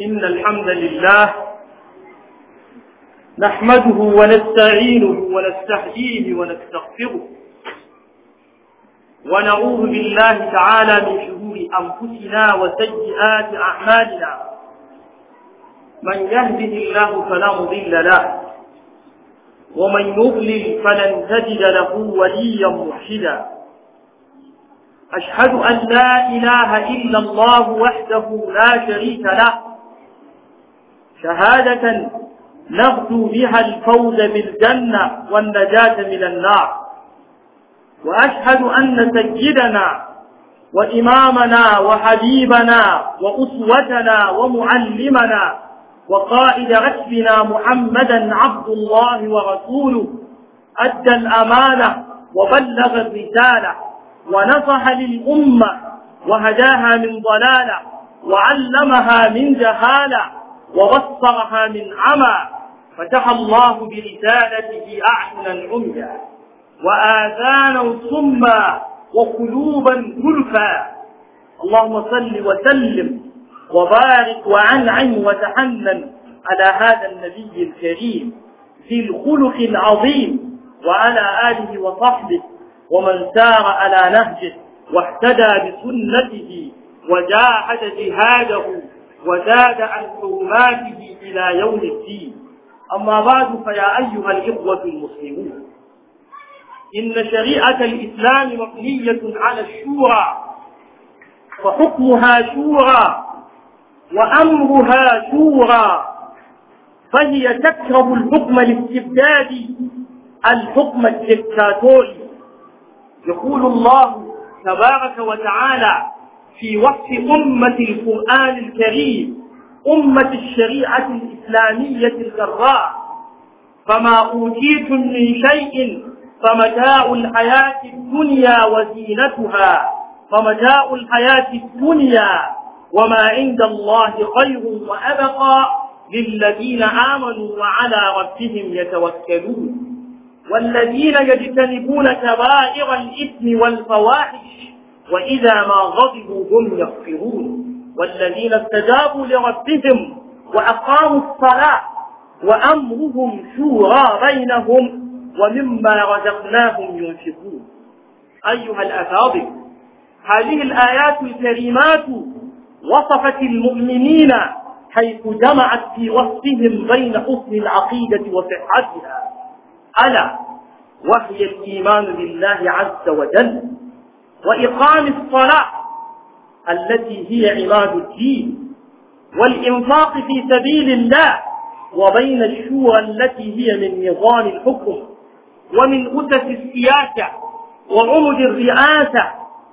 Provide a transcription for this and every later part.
إن الحمد لله نحمده ونستعينه ونستحييه ونستغفره ونعوذ بالله تعالى من شرور أنفسنا وسيئات أعمالنا من يهده الله فلا مضل له ومن يضلل فلن تجد له وليا مرشدا أشهد أن لا إله إلا الله وحده لا شريك له شهادة نرجو بها الفوز بالجنة والنجاة من النار وأشهد أن سيدنا وإمامنا وحبيبنا وأسوتنا ومعلمنا وقائد رسلنا محمدا عبد الله ورسوله أدى الأمانة وبلغ الرسالة ونصح للأمة وهداها من ضلالة وعلمها من جهاله وبصرها من عمى فتح الله برسالته أعين العميا وآذانا صما وقلوبا كلفا اللهم صل وسلم وبارك وعنعم وتحنن على هذا النبي الكريم ذي الخلق العظيم وعلى آله وصحبه ومن سار على نهجه واهتدى بسنته وجاهد جهاده وزاد عن حرماته إلى يوم الدين أما بعد فيا أيها الإخوة المسلمون إن شريعة الإسلام مبنية على الشورى وحكمها شورى وأمرها شورى فهي تكره الحكم الاستبدادي الحكم الدكتاتوري يقول الله تبارك وتعالى في وصف أمة القرآن الكريم أمة الشريعة الإسلامية الغراء فما أوتيتم من شيء فمتاع الحياة الدنيا وزينتها فمتاع الحياة الدنيا وما عند الله خير وأبقى للذين آمنوا وعلى ربهم يتوكلون والذين يجتنبون كبائر الإثم والفواحش وإذا ما غضبوا هم يغفرون والذين استجابوا لربهم وأقاموا الصلاة وأمرهم شورى بينهم ومما رزقناهم ينفقون أيها الأفاضل هذه الآيات الكريمات وصفت المؤمنين حيث جمعت في وصفهم بين حسن العقيدة وصحتها ألا وهي الإيمان بالله عز وجل وإقام الصلاة التي هي عماد الدين والإنفاق في سبيل الله وبين الشورى التي هي من نظام الحكم ومن أسس السياسة وعمد الرئاسة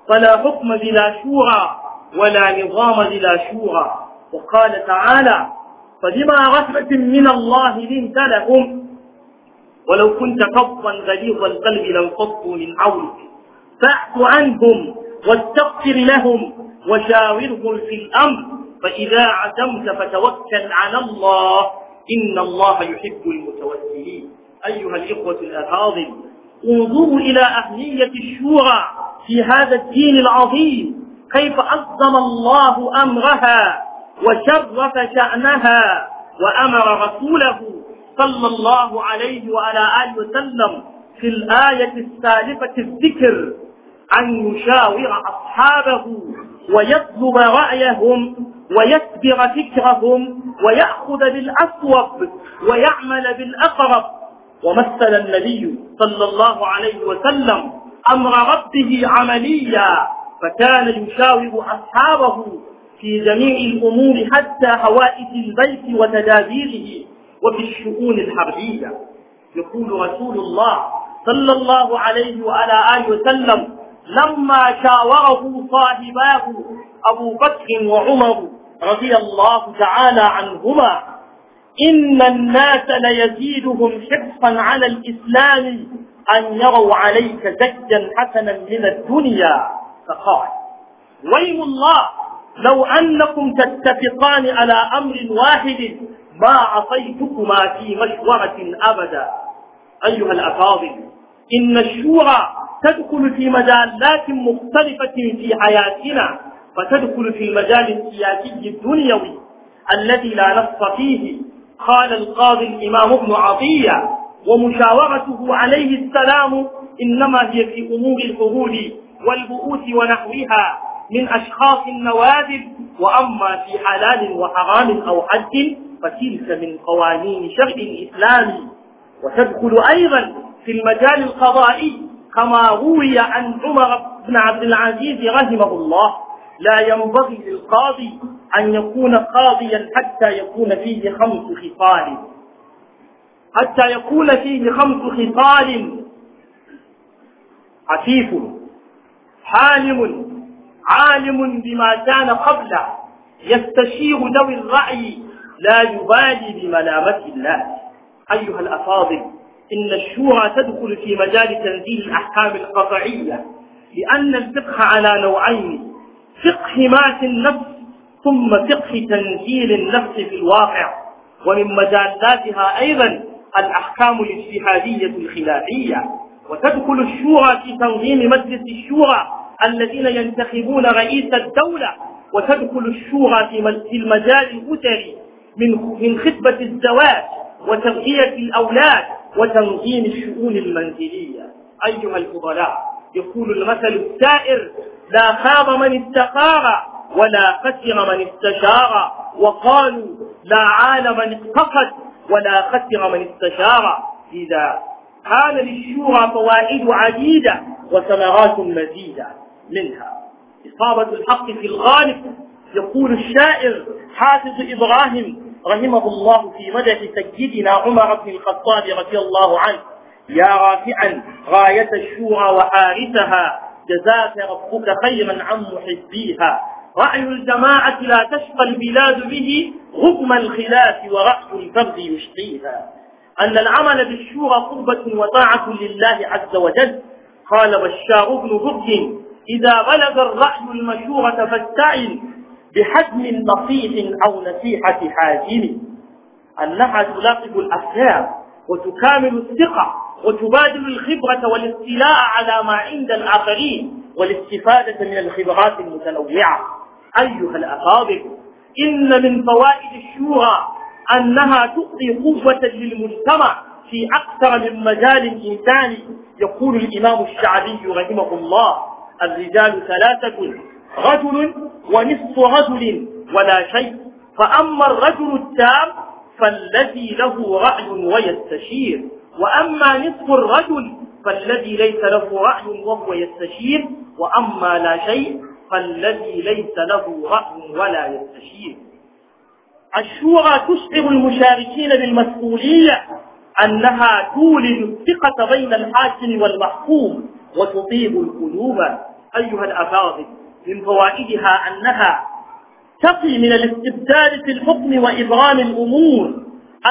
فلا حكم بلا شورى ولا نظام بلا شورى وقال تعالى فبما رحمة من الله لنت لهم ولو كنت فظا غليظ القلب لانفضوا من حولك فاعف عنهم واستغفر لهم وشاورهم في الأمر فإذا عزمت فتوكل على الله إن الله يحب المتوكلين أيها الإخوة الأفاضل انظروا إلى أهمية الشورى في هذا الدين العظيم كيف عظم الله أمرها وشرف شأنها وأمر رسوله صلى الله عليه وعلى آله وسلم في الآية الثالثة الذكر أن يشاور أصحابه ويطلب رأيهم ويكبر فكرهم ويأخذ بالأسوب ويعمل بالأقرب ومثل النبي صلى الله عليه وسلم أمر ربه عمليا فكان يشاور أصحابه في جميع الأمور حتى هوائج البيت وتدابيره وفي الشؤون الحربية يقول رسول الله صلى الله عليه وعلى آله وسلم لما شاوره صاحباه أبو بكر وعمر رضي الله تعالى عنهما إن الناس ليزيدهم حرصا على الإسلام أن يروا عليك زجا حسنا من الدنيا فقال ويم الله لو أنكم تتفقان على أمر واحد ما عصيتكما في مشورة أبدا أيها الأفاضل إن الشورى تدخل في مجالات مختلفة في حياتنا فتدخل في المجال السياسي الدنيوي الذي لا نص فيه قال القاضي الإمام ابن عطية ومشاورته عليه السلام إنما هي في أمور الحروب والبؤوس ونحوها من أشخاص النوادر وأما في حلال وحرام أو حد فتلك من قوانين شرع الإسلام وتدخل أيضا في المجال القضائي كما روي عن عمر بن عبد العزيز رحمه الله لا ينبغي للقاضي أن يكون قاضيا حتى يكون فيه خمس خصال حتى يكون فيه خمس خصال عفيف حالم عالم بما كان قبله يستشير ذوي الرأي لا يبالي بملامة الله أيها الأفاضل إن الشورى تدخل في مجال تنزيل الأحكام القطعية لأن الفقه على نوعين فقه ما في النفس ثم فقه تنزيل النفس في الواقع ومن مجالاتها أيضا الأحكام الاجتهادية الخلافية وتدخل الشورى في تنظيم مجلس الشورى الذين ينتخبون رئيس الدولة وتدخل الشورى في المجال الأسري من خطبة الزواج وتربية الأولاد وتنظيم الشؤون المنزلية أيها الفضلاء يقول المثل السائر لا خاب من استقار ولا خسر من استشار وقالوا لا عال من اتقد ولا خسر من استشار إذا كان للشورى فوائد عديدة وثمرات مزيدة منها إصابة الحق في الغالب يقول الشاعر حافظ إبراهيم رحمه الله في مدح سيدنا عمر بن الخطاب رضي الله عنه يا رافعا غاية الشورى وحارسها جزاك ربك خيرا عن محبيها رأي الجماعة لا تشقى البلاد به غبم الخلاف ورأس الفرد يشقيها أن العمل بالشورى قربة وطاعة لله عز وجل قال بشار بن برد إذا بلغ الرأي المشورة فاستعن بحجم نصيح أو نصيحة حاجم أنها تلاقب الأفكار وتكامل الثقة وتبادل الخبرة والاستيلاء على ما عند الآخرين والاستفادة من الخبرات المتنوعة أيها الأفاضل إن من فوائد الشورى أنها تعطي قوة للمجتمع في أكثر من مجال إنساني يقول الإمام الشعبي رحمه الله الرجال ثلاثة رجل ونصف رجل ولا شيء فأما الرجل التام فالذي له رأي ويستشير وأما نصف الرجل فالذي ليس له رأي وهو يستشير وأما لا شيء فالذي ليس له رأي ولا يستشير الشورى تشعر المشاركين بالمسؤولية أنها تولد الثقة بين الحاكم والمحكوم وتطيب القلوب أيها الأفاضل من فوائدها أنها تقي من الاستبدال في الحكم وإبرام الأمور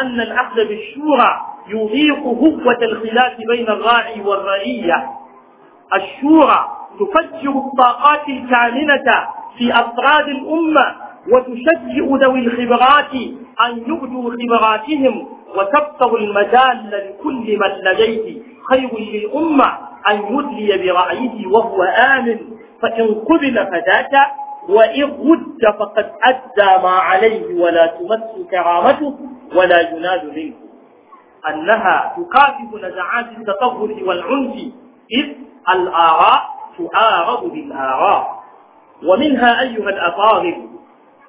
أن الأخذ بالشورى يضيق هوة الخلاف بين الراعي والرعية الشورى تفجر الطاقات الكامنة في أفراد الأمة وتشجع ذوي الخبرات أن يبدوا خبراتهم وتفتح المجال لكل من لديه خير للأمة أن يدلي برأيه وهو آمن فإن قبل فذاك وإن رد فقد أدى ما عليه ولا تمس كرامته ولا ينال منه أنها تكافئ نزعات التطهر والعنف إذ الآراء تعارض بالآراء ومنها أيها الأفاضل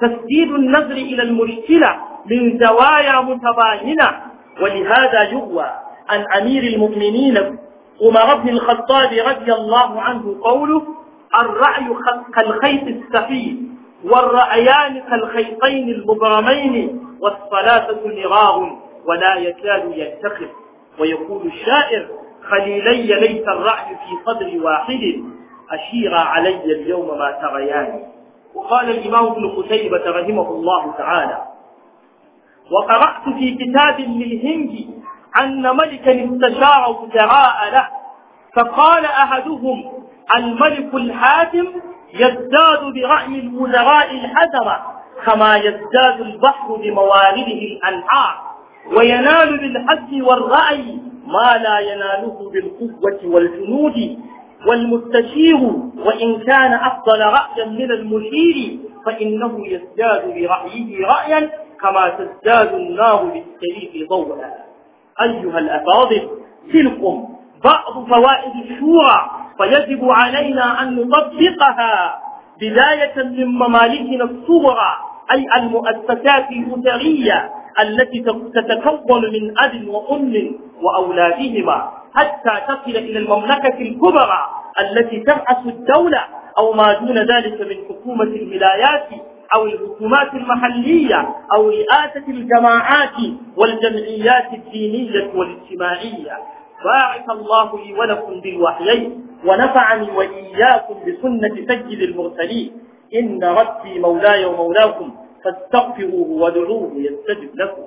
تسديد النظر إلى المشكلة من زوايا متباينة ولهذا يروى عن أمير المؤمنين عمر بن الخطاب رضي الله عنه قوله الرعي كالخيط السخيف والرعيان كالخيطين المبرمين والصلاة نراغ ولا يكاد ينتقف ويقول الشاعر خليلي ليس الرعي في صدر واحد أشير علي اليوم ما تريان وقال الإمام ابن قتيبة رحمه الله تعالى وقرأت في كتاب للهندي أن ملكا استشار وزراء له فقال أحدهم الملك الحاكم يزداد برحم الوزراء الحذر كما يزداد البحر بموارده الأنهار وينال بالحد والرأي ما لا يناله بالقوة والجنود والمستشير وإن كان أفضل رأيا من المشير فإنه يزداد برأيه رأيا كما تزداد النار بالسيف ضوءا أيها الأفاضل تلكم بعض فوائد الشورى فيجب علينا أن نطبقها بداية من ممالكنا الصغرى أي المؤسسات الأسرية التي تتكون من أب وأم وأولادهما حتى تصل إلى المملكة الكبرى التي ترأس الدولة أو ما دون ذلك من حكومة الولايات أو الحكومات المحلية أو رئاسة الجماعات والجمعيات الدينية والاجتماعية بارك الله لي ولكم بالوحيين ونفعني وإياكم بسنة سجد المرسلين إن ربي مولاي ومولاكم فاستغفروه وادعوه يستجب لكم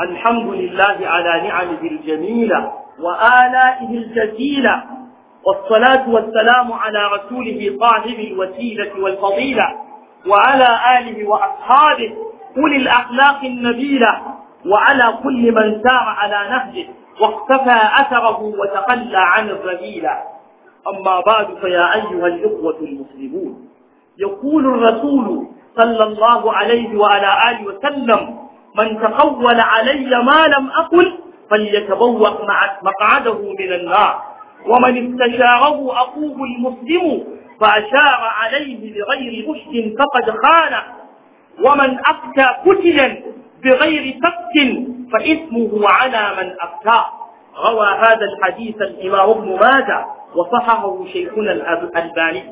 الحمد لله على نعمه الجميلة وآلائه الجزيلة والصلاة والسلام على رسوله صاحب الوسيلة والفضيلة وعلى آله وأصحابه أولي الأخلاق النبيلة وعلى كل من سار على نهجه واقتفى أثره وتقلى عن الرذيلة أما بعد فيا أيها الإخوة المسلمون يقول الرسول صلى الله عليه وعلى آله وسلم من تقول علي ما لم أقل فليتبوأ مقعده من النار ومن استشاره أخوه المسلم فأشار عليه بغير مشت فقد خان ومن أفتى قتلا بغير سبت فإثمه على من أفتى روى هذا الحديث الإمام ابن ماجه وصححه شيخنا الألباني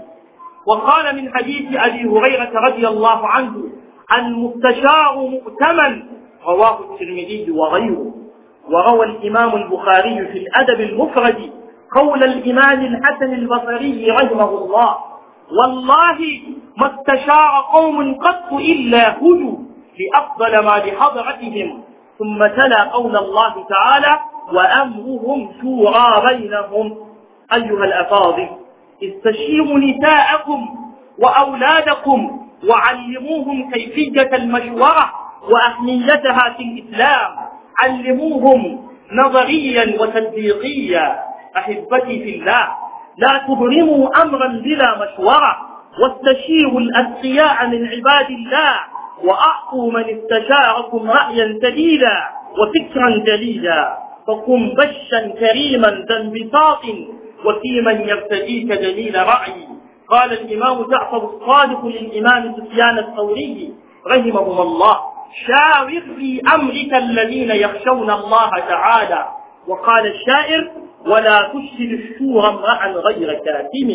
وقال من حديث أبي هريرة رضي الله عنه المستشار مؤتمن رواه الترمذي وغيره وروى الإمام البخاري في الأدب المفرد قول الإمام الحسن البصري رحمه الله والله ما استشاع قوم قط إلا هدوا لأفضل ما بحضرتهم ثم تلا قول الله تعالى وأمرهم شورى بينهم أيها الأفاضل استشيروا نساءكم وأولادكم وعلموهم كيفية المشورة وأهميتها في الإسلام علموهم نظريا وتطبيقيا أحبتي في الله لا تظلموا أمرا بلا مشورة واستشيروا الأتقياء من عباد الله وأعطوا من استشاركم رأيا سديدا وفكرا جليلا فكن بشا كريما ذا انبساط وفي من يرتديك جميل رأي قال الإمام جعفر الصادق للإمام سفيان الثوري رحمهما الله شاور في أمرك الذين يخشون الله تعالى وقال الشاعر ولا تشهد الشور امرأ غير كاتم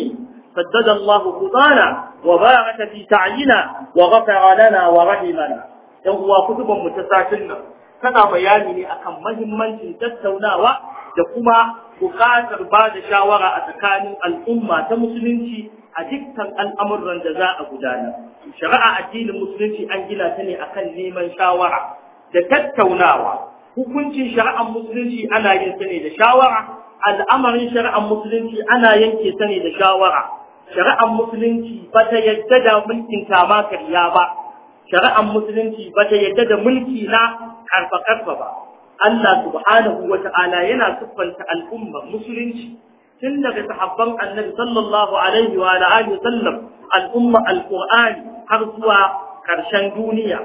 سدد الله خطانا وبارك في سعينا وغفر لنا ورحمنا yan uwa kutuban mu ta satin nan tana bayani ne akan mahimmancin tattaunawa da kuma buƙatar ba da shawara a tsakanin al'umma ta musulunci a dukkan al'amuran da za a gudanar shari'a addinin musulunci an gina ta ne akan neman shawara da tattaunawa hukuncin shari'ar musulunci ana yin ta ne da shawara al'amarin shari'ar musulunci ana yanke ta ne da shawara shari'ar musulunci ba ta yadda da mulkin kama karya ba shari'ar musulunci ba ta yadda da mulki na karfa karfa ba Allah subhanahu wa ta'ala yana siffanta al'ummar musulunci tun daga sahabban annabi sallallahu alaihi wa alihi sallam al'umma alqur'ani har zuwa karshen duniya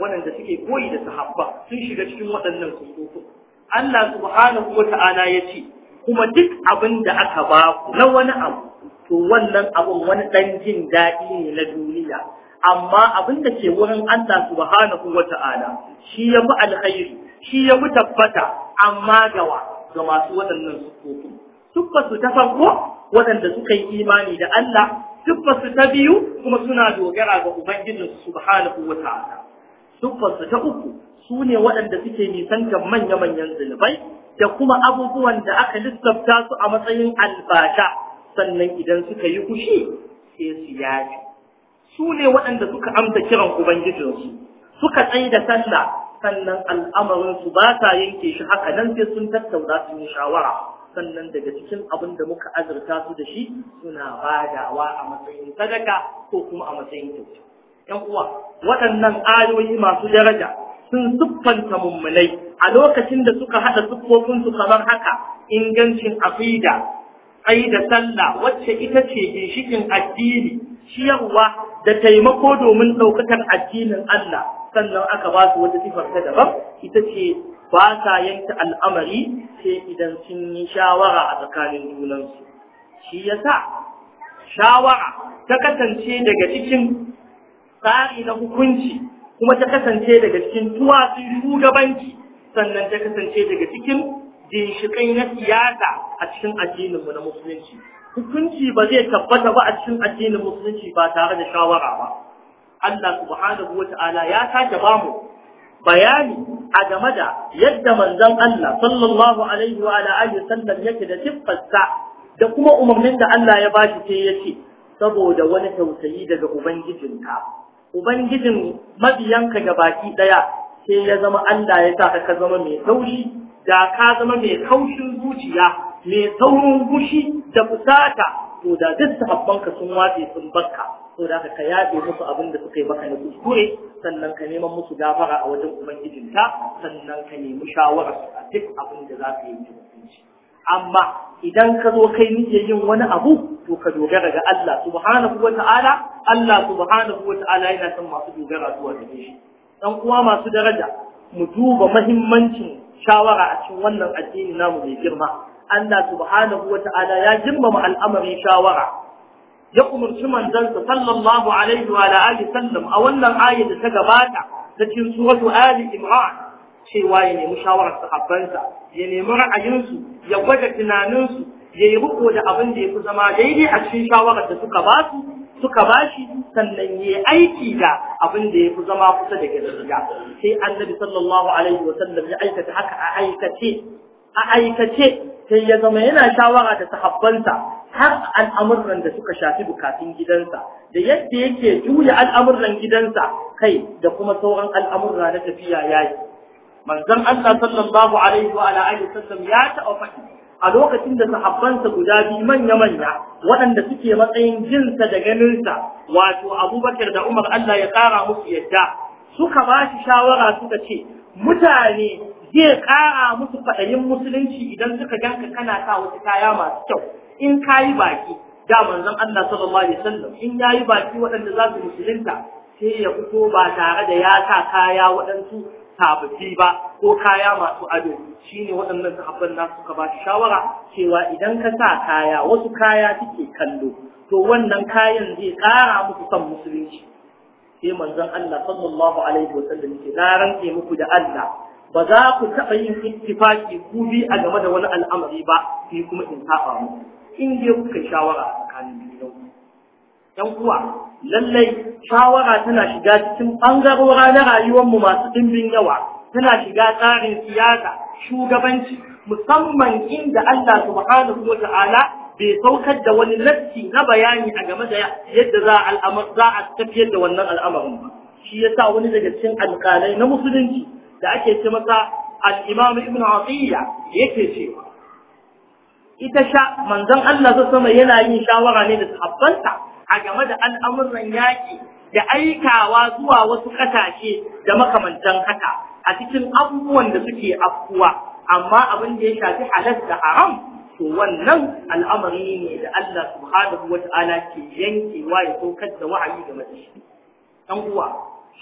da suke koyi da sahabba sun shiga cikin waɗannan sunkokin Allah subhanahu wa ta'ala ya ce kuma duk abin da aka ba ku na wani abu to wannan abun wani ɗan jin daɗi ne na duniya amma abin da ke wurin Allah subhanahu wa ta'ala shi ya fi alkhairi shi ya fi tabbata amma gawa ga masu waɗannan sukokin tuffasu ta farko waɗanda suka yi imani da Allah tuffasu ta biyu kuma suna dogara ga Ubangijinsu subhanahu wa ta'ala tuffasu ta uku su ne waɗanda suke nisantar manya-manyan zunubai da kuma abubuwan da aka lissafta su a matsayin albasha sannan idan suka yi kushi, sai su yaji su ne waɗanda suka amsa kiran ubangijinsu suka tsaye da sallah sannan al'amarinsu ba sa yanke shi haka nan sai sun tattauna su yi shawara sannan daga cikin abin da muka azurta su da shi suna badawa a matsayin sadaka ko kuma a matsayin kyauta. ‘Yan uwa, waɗannan ayoyi masu daraja sun siffanta mummunai a lokacin da suka haɗa siffofinsu kamar haka ingancin afida ai da sallah wacce ita ce ginshikin addini ciyarwa da taimako domin ɗaukakar addinin Allah sannan aka ba su wata sifar ta daban ita ce ba sa yanke al'amari sai idan sun yi shawara a tsakanin junansu shi yasa shawara ta kasance daga cikin tsari na hukunci kuma ta kasance daga cikin tuwatsun shugabanci sannan ta kasance daga cikin ginshiƙai na siyasa a cikin addininmu na musulunci hukunci ba zai tabbata ba a cikin addinin musulunci ba tare da shawara ba Allah subhanahu ya sake bamu bayani a game da yadda manzon Allah sallallahu alaihi wa ala alihi sallam yake da tiffarsa da kuma umarnin da Allah ya bashi sai yace saboda wani tausayi daga ubangijinka ubangijin mabiyanka ga baki ɗaya sai ya zama Allah ya sa ka zama mai tauri, da ka zama mai kaushin zuciya mai saurin gushi da fusata to da duk sahabbanka sun wace sun barka to da ka yaɗe musu abin da suka yi maka na kuskure sannan ka neman musu gafara a wajen ubangijinta sannan ka nemi shawarar a duk abin da za ka yi mutunci amma idan ka zo kai nike yin wani abu to ka dogara ga Allah subhanahu wa Allah subhanahu wa yana son masu dogara zuwa gare shi dan uwa masu daraja mu duba muhimmancin shawara a cikin wannan addini namu mai girma Allah subhanahu wa ya girmama al'amarin shawara ya umarci manzansa sallallahu alaihi wa alihi sallam a wannan ayat da ta gabata ta cikin suratu ali imran cewa ya nemi shawarar sahabbansa ya nemi ra'ayinsu ya gwada tunaninsu ya yi riko da abin da ya fi zama daidai a cikin shawarar da suka ba su suka ba shi sannan ya aiki da abin da ya fi zama kusa da gaskiya sai annabi sallallahu alaihi wa sallam ya aikata haka a aikace a aikace sai ya zama yana shawara da sahabbansa har al'amuran da suka shafi bukatun gidansa da yadda yake juya al'amuran gidansa kai da kuma sauran al'amurra na tafiya yayi manzon Allah sallallahu alaihi wa ala alihi sallam ya taɓa faɗi a lokacin da sahabbansa guda biyu manya-manya waɗanda suke matsayin jinsa da ganinsa wato abubakar da umar Allah ya ƙara musu yadda suka ba shi shawara suka ce mutane zai ƙara musu faɗayin musulunci idan suka ganka kana sa wata kaya masu kyau in ka yi baki da manzon Allah sallallahu alaihi wasallam in ya yi baki waɗanda za su musulunta sai ya fito ba tare da ya sa kaya waɗansu sababbi ba ko kaya masu ado ne waɗannan sahabban na suka ba shawara cewa idan ka sa kaya wasu kaya suke kallo to wannan kayan zai ƙara muku son musulunci sai manzon Allah sallallahu alaihi wa sallam ke na ke muku da Allah ba za ku taɓa yin ittifaki ku bi a game da wani al'amari ba sai kuma in saba mu in dai kuka shawara ‘yan lallai shawara tana shiga cikin ɓangarora na mu masu ɗimbin yawa, tana shiga tsarin siyasa, shugabanci, musamman inda Allah subhanahu wa ta'ala bai saukar da wani latti na bayani a game da yadda za a tafiyar da wannan al'amarin ba. Shi ya sa wani daga cikin alƙalai na musulunci da ake ce masa al'imam ibn Atiyya yake cewa. Ita sha manzon Allah sama yana yin shawara ne da sahabbansa a game da al'amuran yaƙi da aikawa zuwa wasu ƙasashe da makamantan haka a cikin abubuwan da suke afkuwa amma abin da ya shafi halas da haram to wannan al'amari ne da Allah subhanahu wa ta'ala ke yankewa ya saukar da wa'ayi ga mace dan uwa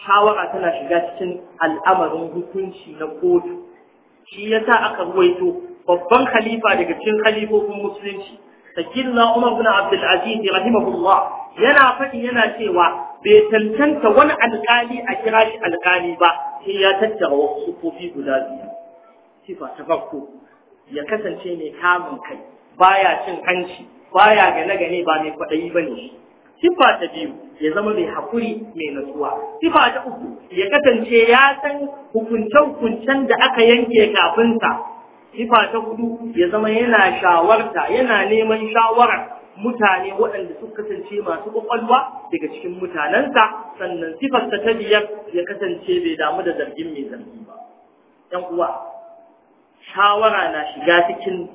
shawara tana shiga cikin al'amarin hukunci na kotu shi yasa aka ruwaito babban khalifa daga cikin khalifofin musulunci sayyidina Umar bin Abdul Aziz rahimahullah yana faɗi yana cewa bai tantanta wani alƙali a kira shi alƙali ba sai ya tattara wasu sufofi guda biyu sifa ta farko ya kasance mai kamun kai baya cin hanci baya gane gane ba mai kwaɗayi ba ne sifa ta biyu ya zama mai haƙuri mai natsuwa sifa ta uku ya kasance ya san hukunce-hukuncen da aka yanke kafinsa sifa ta hudu ya zama yana shawarta yana neman shawarar mutane waɗanda suka kasance masu ƙwaƙwalwa daga cikin mutanensa sannan sifarsa ta biyar ya kasance bai damu da zargin mai zargi ba ‘yan uwa shawara na shiga cikin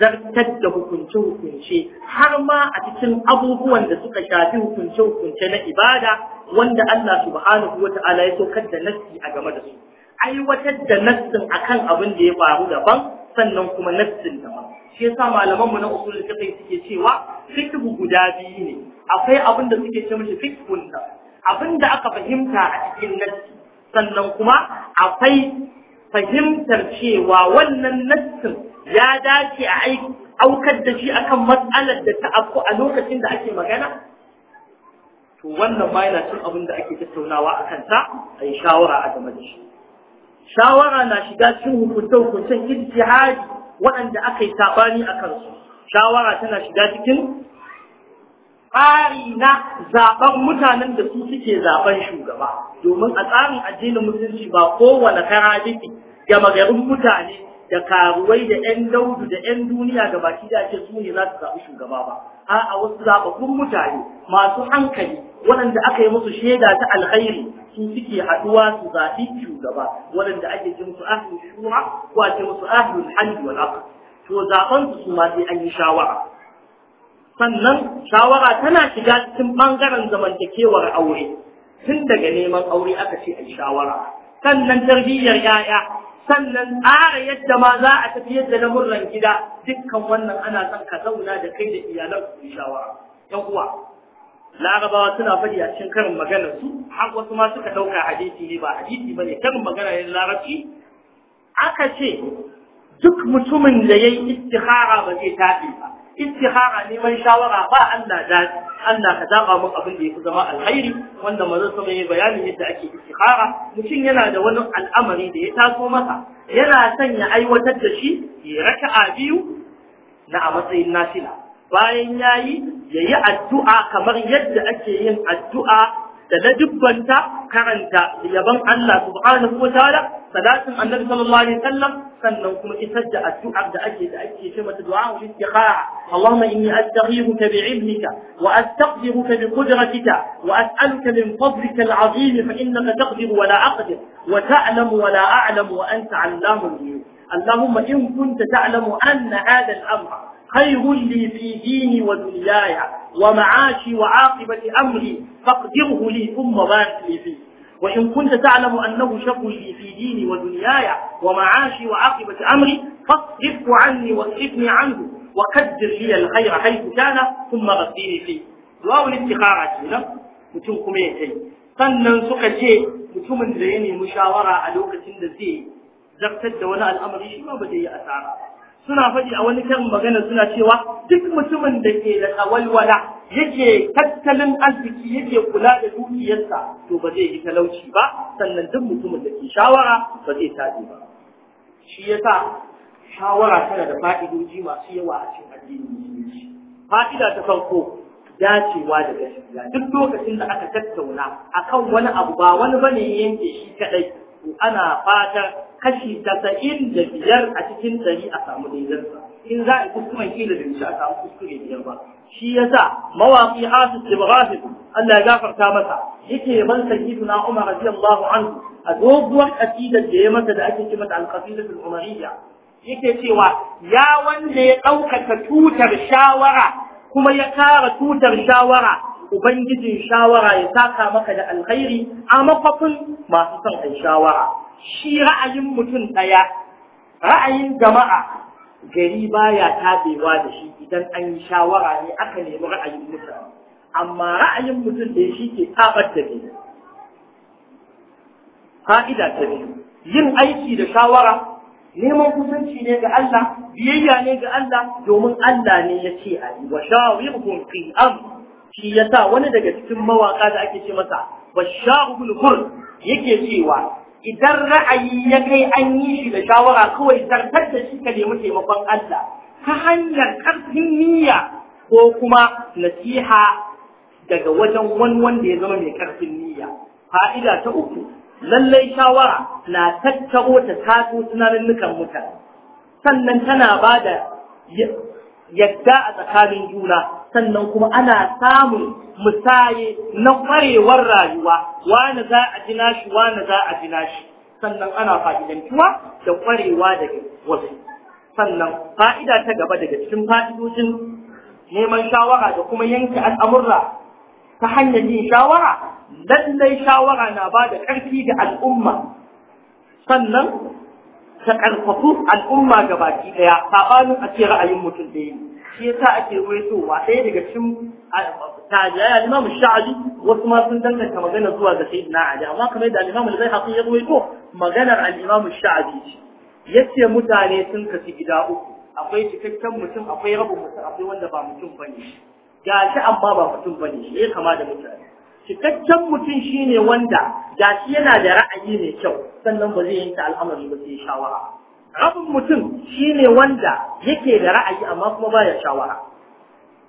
zartar da hukunce-hukunce har ma a cikin abubuwan da suka shafi hukunce-hukunce na ibada wanda Allah subhanahu wa ta'ala ya saukar da nassi a game da su aiwatar da nassin akan abin da ya faru daban sannan kuma nassin daban shi yasa malaman mu na usul fiqh suke cewa fiqh guda biyu ne akwai abin da suke ce mishi fiqhun da abin da aka fahimta a cikin nassi sannan kuma akwai fahimtar cewa wannan nassin ya dace a aiki aukar da shi akan matsalar da ta afku a lokacin da ake magana to wannan ma yana cin abin da ake tattaunawa a kansa a yi shawara a game da shi shawara na shiga cikin hukuntar hukuncen ijtihadi waɗanda aka yi saɓani a kansu shawara tana shiga cikin tsari na zaɓen mutanen da su suke zaɓen shugaba domin a tsarin addinin musulunci ba kowane kara gama garin mutane da karuwai da 'yan daudu da 'yan duniya ga baki da ake su ne za su zaɓi shugaba ba a a wasu zaɓaɓɓun mutane masu hankali waɗanda aka yi musu shaida ta alkhairi su suke haɗuwa su zaɓi shugaba waɗanda ake ji musu ahlul shura ko ake musu ahlul hali wal aqd to zaɓen su ma sai an yi shawara sannan shawara tana shiga cikin ɓangaren zamantakewar aure tun daga neman aure aka ce a yi shawara sannan tarbiyyar 'ya'ya sannan tsara yadda ma za a tafi yadda na murnan gida dukkan wannan ana son ka zauna da kai da iyalan ku shawara yan uwa larabawa suna faɗi a cikin karin maganar su har wasu ma suka ɗauka hadisi ne ba hadisi ba ne karin magana ne larabci aka ce duk mutumin da ya yi istihara ba zai tafi ba ittihara neman shawara ba Allah da Allah ka zaba mun abin da yake zama alkhairi wanda manzon sama yayi bayanin yadda ake ittihara mutum yana da wani al'amari da ya taso masa yana son ya aiwatar da shi ya raka'a biyu na a matsayin nafila bayan yayi yayi addu'a kamar yadda ake yin addu'a da na dubbanta karanta yabon Allah subhanahu wa salatin annabi sallallahu alaihi wasallam sannan kuma isar da addu'ar da ake da ake ce mata du'a wa istikhara Allahumma inni astaghiruka bi ilmika wa astaghfiruka bi qudratika wa as'aluka min fadlika al-'azim fa innaka taqdir wa la aqdir wa ta'lamu wa la a'lamu wa anta 'allamul ghuyub اللهم إن كنت تعلم أن هذا الأمر خير لي في ديني ودنياي ومعاشي وعاقبة أمري فاقدره لي ثم بارك لي فيه وإن كنت تعلم أنه شر لي في ديني ودنياي ومعاشي وعاقبة أمري فاصرفه عني واصرفني عنه وقدر لي الخير حيث كان ثم غفيني فيه واو الاستخارة هنا mutum kuma ya kai sannan suka je mutumin da ya nemi shawara a lokacin da zai zartar da wani al'amari shi yi asara suna faɗi a wani karin magana suna cewa duk mutumin da ke da tawalwala yake tattalin arziki yake kula da dukiyarsa to ba zai yi talauci ba sannan duk mutumin da ke shawara ba zai tafi ba shi yasa shawara tana da fa'idoji masu yawa a cikin addinin musulunci fa'ida ta farko dacewa da gaskiya duk lokacin da aka tattauna akan wani abu ba wani bane yanke shi kadai to ana fatar kashi 95 a cikin 100 a samu daidansa in za a kuskuren kila da shi a samu kuskure biyar ba shi yasa mawaqi hasu tibghafid Allah ya gafarta masa yake ban sayyiduna Umar radiyallahu anhu a doguwar kasidar da ya masa da ake ce mata al-qasidatul umariyya yake cewa ya wanda ya ɗaukaka tutar shawara kuma ya kara tutar shawara ubangijin shawara ya saka maka da alkhairi a makwafin masu son kai shawara shi ra'ayin mutum ɗaya ra'ayin jama'a gari baya tabewa da shi idan an yi shawara ne aka nemi ra'ayin mutane amma ra'ayin mutum da shi ke tabar da gari fa'ida ta biyu yin aiki da shawara neman kusanci ne ga Allah biyayya ne ga Allah domin Allah ne ya ce a yi wa shawirhum fi am shi yasa wani daga cikin mawaka da ake ce masa wa shawirhum yake cewa idan ra'ayi ya kai an yi shi da shawara kawai zartar da shi ka nemi taimakon Allah ta hanyar ƙarfin niyya ko kuma nasiha daga wajen wani wanda ya zama mai ƙarfin niyya fa'ida ta uku lallai shawara na tattaro ta taso tunaninnukan mutane sannan tana ba da yadda a tsakanin juna sannan kuma ana samun musaye na kwarewar rayuwa wani za a ji nashi wani za a ji nashi sannan ana fa'idantuwa da kwarewa daga wasu sannan fa'ida ta gaba daga cikin fa'idojin neman shawara da kuma yanke al'amurra ta hanyar yin shawara lallai shawara na ba da ƙarfi ga al'umma sannan ta ƙarfafu al'umma gabaki ɗaya saɓanin a ce ra'ayin mutum ɗaya shi yasa ake ruwaitowa ɗaya daga cikin tajiya ya limamu sha'abi wasu ma sun danganta magana zuwa ga sayyidina ali amma kamar da limamu da zai haƙi ya ruwaito maganar al-imamu sha'abi ce yace mutane sun kasu gida uku akwai cikakken mutum akwai rabin mutum akwai wanda ba mutum bane ga shi amma ba mutum bane shi ya eh, kama da mutane cikakken mutum shine wanda ga shi yana da ra'ayi mai kyau sannan ba zai yanke al'amari ba sai shawara abin mutum shi ne wanda yake da ra'ayi amma kuma baya shawara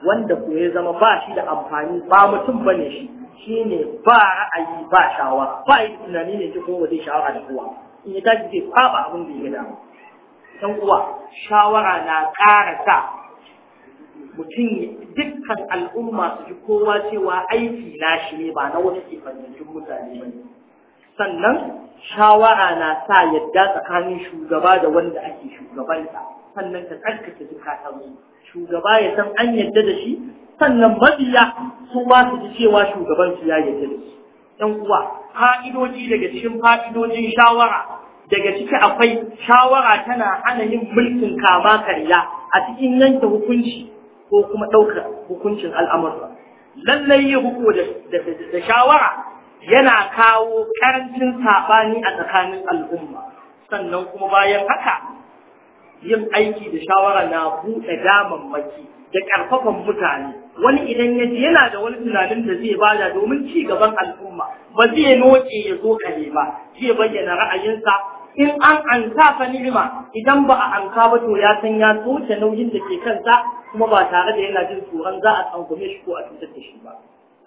wanda ko ya zama ba shi da amfani ba mutum bane shi shi ne ba ra'ayi ba shawara ba yi tunani ne ki kuma zai shawara da kowa in ya tashi zai kwaba abin da ya gada dan uwa shawara na ƙara sa mutum dukkan al'umma su ji kowa cewa aiki na shi ne ba na wasu kefantattun mutane ba sannan shawara na sa yadda tsakanin shugaba da wanda ake shugabanta sannan ta tsarkake shugaba ya san an yadda da shi sannan mabiya su ba su ji cewa shugaban su ya yadda da shi ɗan uwa fa'idoji daga cikin fa'idojin shawara daga ciki akwai shawara tana hana yin mulkin kama karya a cikin yanke hukunci ko kuma ɗaukar hukuncin al'amurra lallai yi huko da shawara yana kawo karancin saɓani a tsakanin al'umma sannan kuma bayan haka yin aiki da shawara na buɗe damammaki da ƙarfafan mutane wani idan ya ji yana da wani tunanin da zai bada domin ci gaban al'umma ba zai noke ya zo kare ba zai bayyana ra'ayinsa in an anka fa ni'ima idan ba a anka ba to ya san ya soke nauyin da ke kansa kuma ba tare da yana jin tsoron za a tsangwame shi ko a cutar da shi ba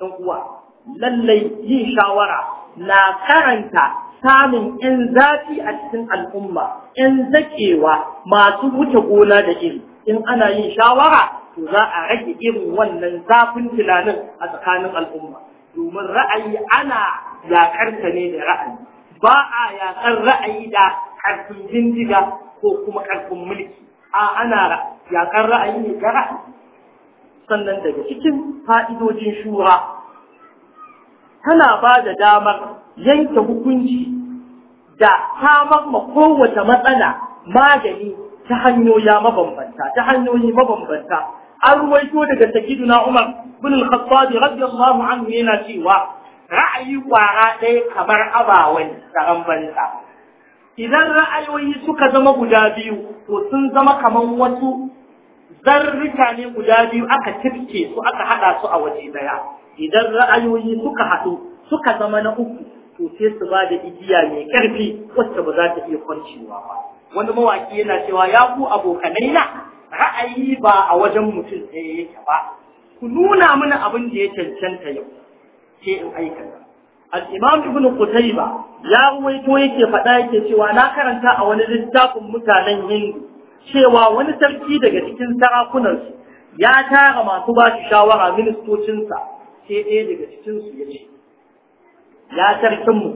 don uwa lallai yin shawara na karanta samun ‘yan zafi a cikin al'umma, ‘yan zakewa masu wuce gona da iri, in ana yin shawara to za a rage irin wannan zafin tunanin a tsakanin al'umma. Domin ra'ayi ana yaƙarta ne da ra'ayi, ba a yaƙar ra'ayi da ƙarfin bindiga ko kuma ƙarfin mulki, a ana yaƙar ra'ayi ne da ra'ayi. Sannan daga cikin fa'idojin shura tana ba da damar yanke hukunci da samar ma kowace matsala magani ta hanyoyi mabambanta ta hanyoyi mabambanta an ruwaito daga sakiduna umar bin al-khattab radiyallahu anhu yana cewa ra'ayi kwara ɗaya kamar abawai tsaron ambanta idan ra'ayoyi suka zama guda biyu to sun zama kamar wasu zarrika ne guda biyu aka tirke su aka haɗa su a waje daya idan ra'ayoyi suka haɗu suka zama na uku to sai su ba da igiya mai ƙarfi wacce ba za ta iya kwancewa ba wani mawaki yana cewa ya ku abokanai na ra'ayi ba a wajen mutum ɗaya yake ba ku nuna mana abin da ya cancanta yau Ke in aikata al-imam ibn qutayba ya ruwaito yake faɗa yake cewa na karanta a wani littafin mutanen hindu cewa wani sarki daga cikin sarakunansu ya tara masu ba shi shawara ministocinsa sai ɗaya daga cikinsu ya ce ya sarkinmu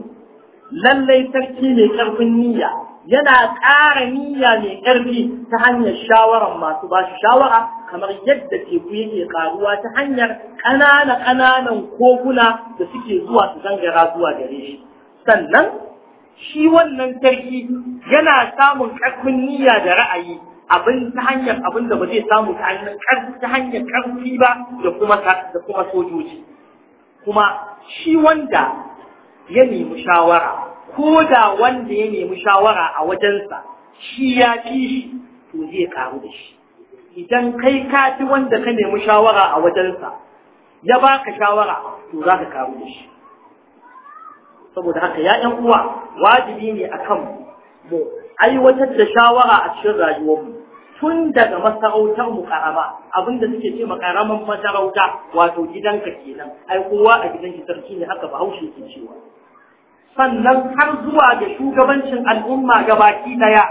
lallai sarki mai ƙarfin niyya yana ƙara niyya mai ƙarfi ta hanyar shawarar masu ba shi shawara kamar yadda teku yake ƙaruwa ta hanyar ƙanana ƙananan koguna da suke zuwa su zangara zuwa gare shi sannan shi wannan sarki yana samun ƙarfin niyya da ra'ayi abin ta hanyar abin da ba zai samu ta hanyar ƙarfi ba da kuma da kuma sojoji kuma shi wanda ya nemi shawara ko da wanda ya nemi shawara a wajensa shi ya fi shi to zai karu da shi idan kai ka ci wanda ka nemi shawara a wajensa ya baka shawara to za ka karu da shi saboda haka ya uwa wajibi ne kan mu aiwatar da shawara a cikin rayuwarmu tun daga masarautar mu karama abinda suke ce ma masarauta wato gidanka kenan ai kowa a gidan shi sarki ne haka bahaushe ke cewa sannan har zuwa ga shugabancin al'umma gabaki daya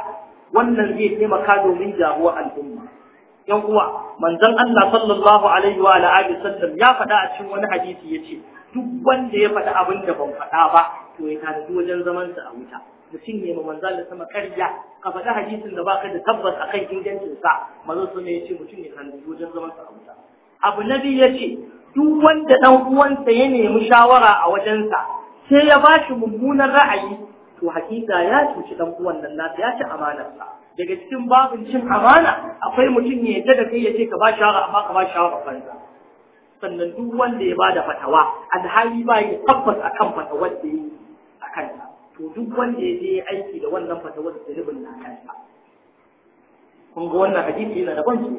wannan zai taimaka domin jawo al'umma yan uwa manzon Allah sallallahu alaihi wa alihi sallam ya faɗa a cikin wani hadisi yace duk wanda ya faɗi abin da ban faɗa ba to ya tanadi wajen zaman sa a wuta mutum ne ma manzal da sama karya ka faɗi hadisin da baka da tabbas akan ingancin sa manzo sun ya ce mutum ya tanadi wajen zaman sa a wuta abu nabi ya ce duk wanda dan uwansa ya nemi shawara a wajensa sai ya bashi mummunan ra'ayi to hakika ya cuci dan uwan nan nasa ya ci amanar sa daga cikin babin cin amana akwai mutum ya yadda da kai ya ce ka ba shawara amma ka ba shawara banza sannan duk wanda ya bada fatawa alhali ba ya tabbas akan fatawar da yi a kanta. to duk wanda ya je aiki da wannan fatawar da rubin na kan ta kun ga wannan hadisi yana da banki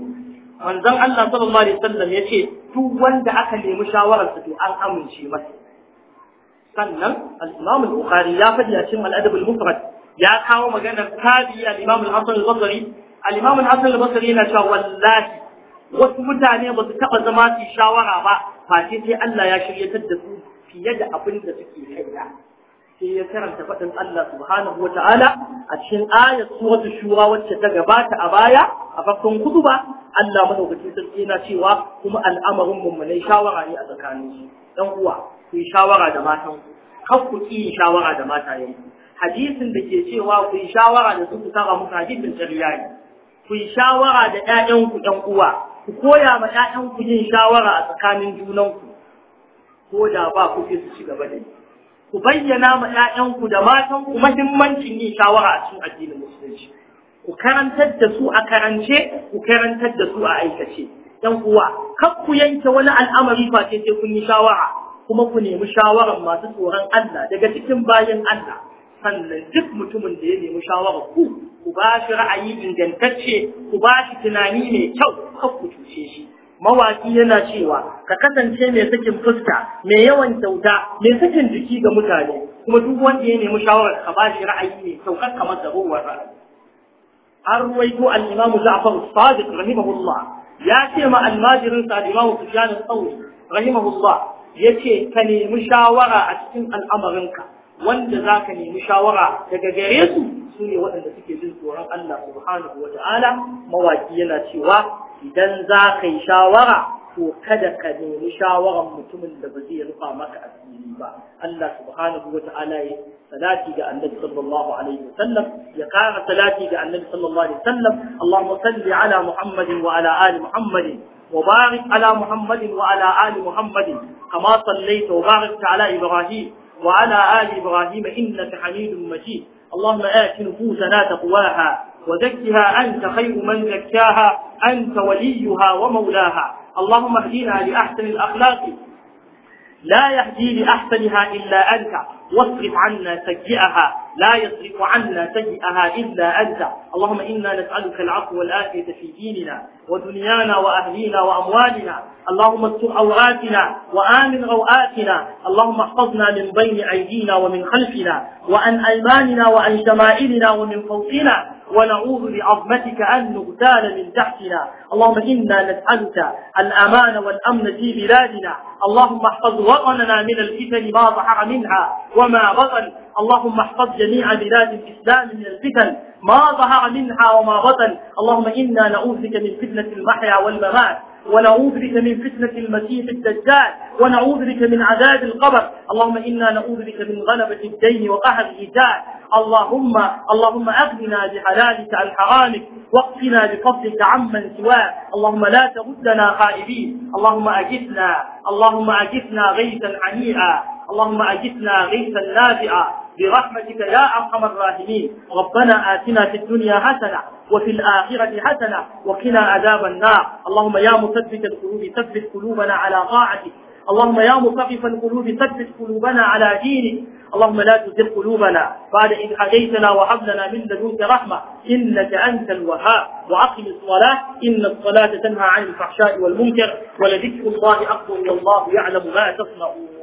manzon Allah sallallahu alaihi wasallam yace duk wanda aka nemi shawarar sa to an amince masa sannan al-Imam al-Bukhari ya faɗi a cikin al-Adab al-Mufrad ya kawo maganar tabi al-Imam al-Hasan al-Basri al-Imam al-Hasan al-Basri yana cewa wallahi wasu mutane ba su taɓa zama su shawara ba face sai Allah ya shiryatar da su fiye da abin da suke kai sai ya karanta faɗin Allah subhanahu wa ta'ala a cikin ayat suratul shura wacce ta gabata a baya a farkon ba. Allah madaukakin sarki yana cewa kuma al'amarin mummunai shawara ne a tsakanin su dan uwa ku yi shawara da matan ku kar ku ki shawara da matayen ku hadisin da ke cewa ku yi shawara da su ku saba muku hadisin ƙarya ku yi shawara da ƴaƴan ku ƴan uwa ku koya ma 'ya'yanku yin shawara a tsakanin junanku ko da ba ku ke su ci gaba da yi ku bayyana ma 'ya'yanku da matanku mahimmancin yin shawara a cikin addinin musulunci ku karantar da su a karance ku karantar da su a aikace Yan uwa kan ku yanke wani al'amari ba sai kun yi shawara kuma ku nemi shawaran masu tsoron Allah daga cikin bayan Allah sannan duk mutumin da ya nemi shawara ku ku ba shi ra'ayi ingantacce ku ba shi tunani mai kyau kar ku cuce shi Mawaƙi yana cewa ka kasance mai sakin fuska mai yawan kyauta mai sakin jiki ga mutane kuma duk wanda ya nemi shawarar ka ba shi ra'ayi mai kyau kar ka masa ruwan ra'ayi an ruwaito al-imamu Ja'far Sadiq rahimahullah ya ce ma almajirin sa al Sufyan al-Thawri rahimahullah yace ka nemi shawara a cikin al'amarinka wanda za ka nemi shawara daga gare su su ne waɗanda suke jin tsoron Allah subhanahu wa ta'ala mawaki yana cewa idan za ka yi shawara to kada ka nemi shawaran mutumin da ba zai rufa maka asiri ba Allah subhanahu wa ta'ala ya salati ga annabi sallallahu alaihi wasallam ya kara salati ga annabi sallallahu alaihi wasallam Allahumma salli ala Muhammadin wa ala ali Muhammadin وبارك على محمد وعلى آل محمد كما صليت وباركت على إبراهيم وعلى آل إبراهيم إنك حميد مجيد اللهم آت نفوسنا تقواها وزكها أنت خير من زكاها أنت وليها ومولاها اللهم اهدنا لأحسن الأخلاق لا يهدي لأحسنها إلا أنت واصرف عنا سيئها لا يصرف عنا سيئها إلا أنت اللهم إنا نسألك العفو والآفية في ديننا ودنيانا وأهلينا وأموالنا اللهم استر عوراتنا وآمن روآتنا اللهم احفظنا من بين أيدينا ومن خلفنا وعن أيماننا وعن شمائلنا ومن فوقنا ونعوذ بعظمتك أن نغتال من تحتنا اللهم إنا نسألك الأمان والأمن في بلادنا اللهم احفظ وطننا من الفتن ما ظهر منها وما بطن اللهم احفظ جميع بلاد الإسلام من الفتن ما ظهر منها وما بطن اللهم إنا نعوذ بك من فتنة المحيا والممات ونعوذ بك من فتنة المسيح الدجال ونعوذ بك من عذاب القبر اللهم إنا نعوذ بك من غلبة الدين وقهر الإيجاد اللهم اللهم أغننا بحلالك عن حرامك واقفنا بفضلك عمن سواك اللهم لا تردنا خائبين اللهم أجثنا اللهم أجثنا غيثا عنيئا اللهم أجثنا غيثا نافئا برحمتك يا أرحم الراحمين ربنا آتنا في الدنيا حسنة وفي الآخرة حسنة وقنا عذاب النار اللهم يا مثبت القلوب ثبت قلوبنا على طاعتك اللهم يا مثقف القلوب ثبت قلوبنا على دينك اللهم لا تزغ قلوبنا بعد إذ هديتنا وهب لنا من لدنك رحمة إنك أنت الوهاب وأقم الصلاة إن الصلاة تنهى عن الفحشاء والمنكر ولذكر الله أكبر والله يعلم ما تصنعون